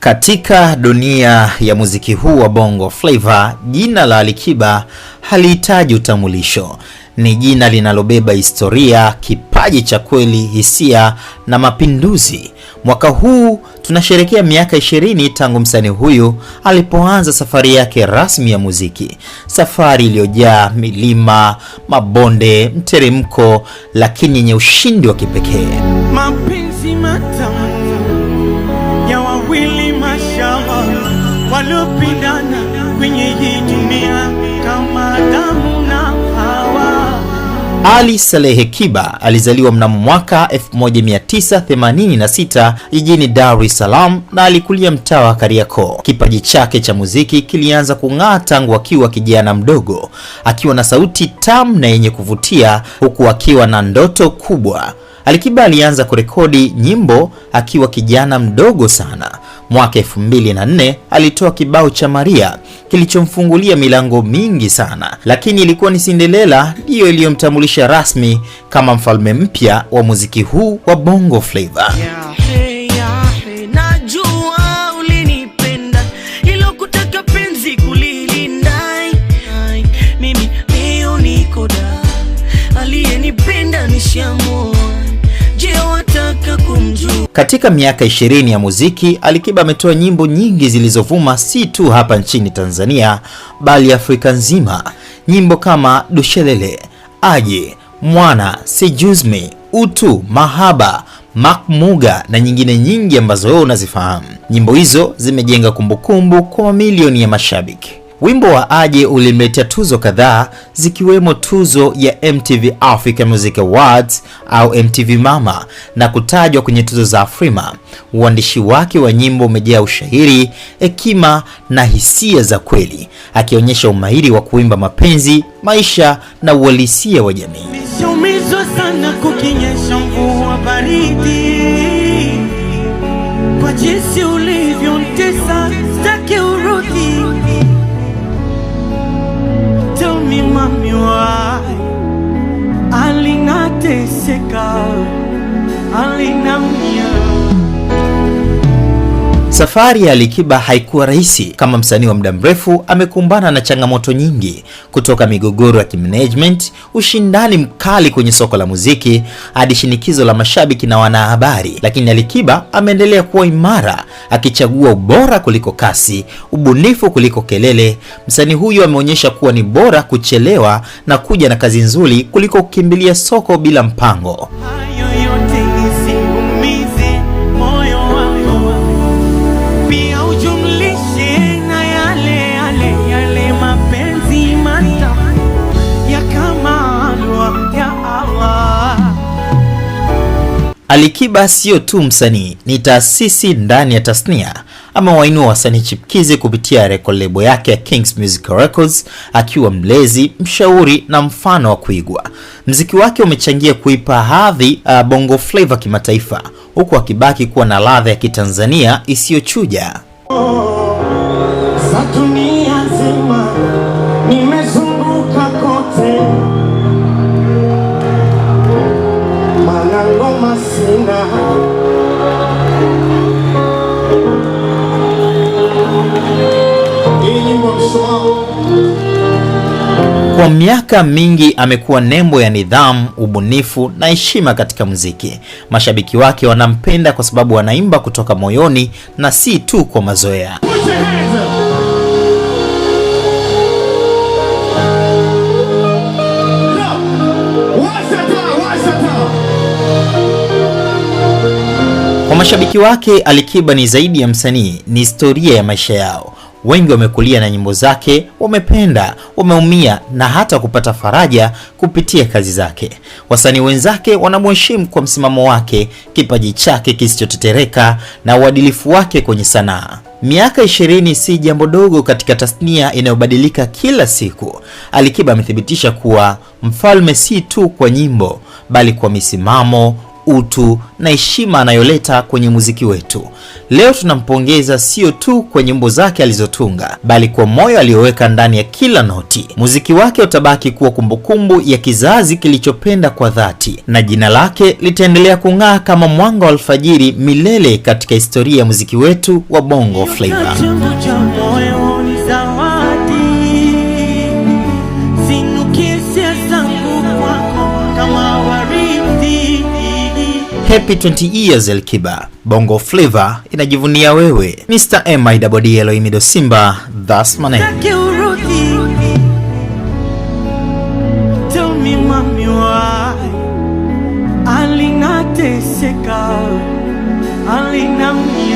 Katika dunia ya muziki huu wa Bongo Flava, jina la Alikiba halihitaji utambulisho. Ni jina linalobeba historia, kipaji cha kweli, hisia na mapinduzi. Mwaka huu tunasherekea miaka 20 tangu msanii huyu alipoanza safari yake rasmi ya muziki, safari iliyojaa milima, mabonde, mteremko, lakini yenye ushindi wa kipekee. Mapenzi matamu waliopindana kwenye hii dunia kama damu na Hawa. Ali Saleh Kiba alizaliwa mnamo mwaka 1986 jijini Dar es Salaam na alikulia mtaa wa Kariakoo. Kipaji chake cha muziki kilianza kung'aa tangu akiwa kijana mdogo, akiwa na sauti tamu na yenye kuvutia, huku akiwa na ndoto kubwa. Alikiba alianza kurekodi nyimbo akiwa kijana mdogo sana mwaka elfu mbili na nne alitoa kibao cha Maria kilichomfungulia milango mingi sana, lakini ilikuwa ni Cinderella ndiyo iliyomtambulisha rasmi kama mfalme mpya wa muziki huu wa Bongo Flava. Yeah. Hey, katika miaka 20 ya muziki, Alikiba ametoa nyimbo nyingi zilizovuma si tu hapa nchini Tanzania bali Afrika nzima. Nyimbo kama Dushelele, Aje, Mwana, Sijuzme, Utu, Mahaba, Makmuga na nyingine nyingi ambazo wewe unazifahamu. Nyimbo hizo zimejenga kumbukumbu kwa mamilioni ya mashabiki. Wimbo wa Aje ulimletea tuzo kadhaa zikiwemo tuzo ya MTV Africa Music Awards au MTV Mama na kutajwa kwenye tuzo za Afrima. Uandishi wake wa nyimbo umejaa ushairi, hekima na hisia za kweli, akionyesha umahiri wa kuimba mapenzi, maisha na uhalisia wa jamii. Kwa jinsi ulivyo Safari ya Alikiba haikuwa rahisi. Kama msanii wa muda mrefu, amekumbana na changamoto nyingi, kutoka migogoro ya kimanagement, ushindani mkali kwenye soko la muziki, hadi shinikizo la mashabiki na wanahabari. Lakini Alikiba ameendelea kuwa imara, akichagua ubora kuliko kasi, ubunifu kuliko kelele. Msanii huyu ameonyesha kuwa ni bora kuchelewa na kuja na kazi nzuri kuliko kukimbilia soko bila mpango. Alikiba sio tu msanii, ni taasisi ndani ya tasnia. Amewainua wasanii chipkizi kupitia record label yake ya Kings Music Records, akiwa mlezi, mshauri na mfano wa kuigwa. Mziki wake umechangia kuipa hadhi uh, Bongo flavor kimataifa, huku akibaki kuwa na ladha ya Kitanzania isiyochuja. Oh, sina kwa miaka mingi amekuwa nembo ya nidhamu, ubunifu na heshima katika muziki. Mashabiki wake wanampenda kwa sababu wanaimba kutoka moyoni na si tu kwa mazoea. mashabiki wake, Alikiba ni zaidi ya msanii, ni historia ya maisha yao. Wengi wamekulia na nyimbo zake, wamependa, wameumia na hata kupata faraja kupitia kazi zake. Wasanii wenzake wanamheshimu kwa msimamo wake, kipaji chake kisichotetereka na uadilifu wake kwenye sanaa. Miaka ishirini si jambo dogo katika tasnia inayobadilika kila siku. Alikiba amethibitisha kuwa mfalme si tu kwa nyimbo, bali kwa misimamo utu na heshima anayoleta kwenye muziki wetu. Leo tunampongeza sio tu kwa nyimbo zake alizotunga, bali kwa moyo aliyoweka ndani ya kila noti. Muziki wake utabaki kuwa kumbukumbu ya kizazi kilichopenda kwa dhati, na jina lake litaendelea kung'aa kama mwanga wa alfajiri milele katika historia ya muziki wetu wa Bongo Flava. Happy 20 years Elkiba, Bongo Flavor inajivunia wewe. Mr. MIDD Imido Simba, that's my name. Tell me mommy why alinateseka alina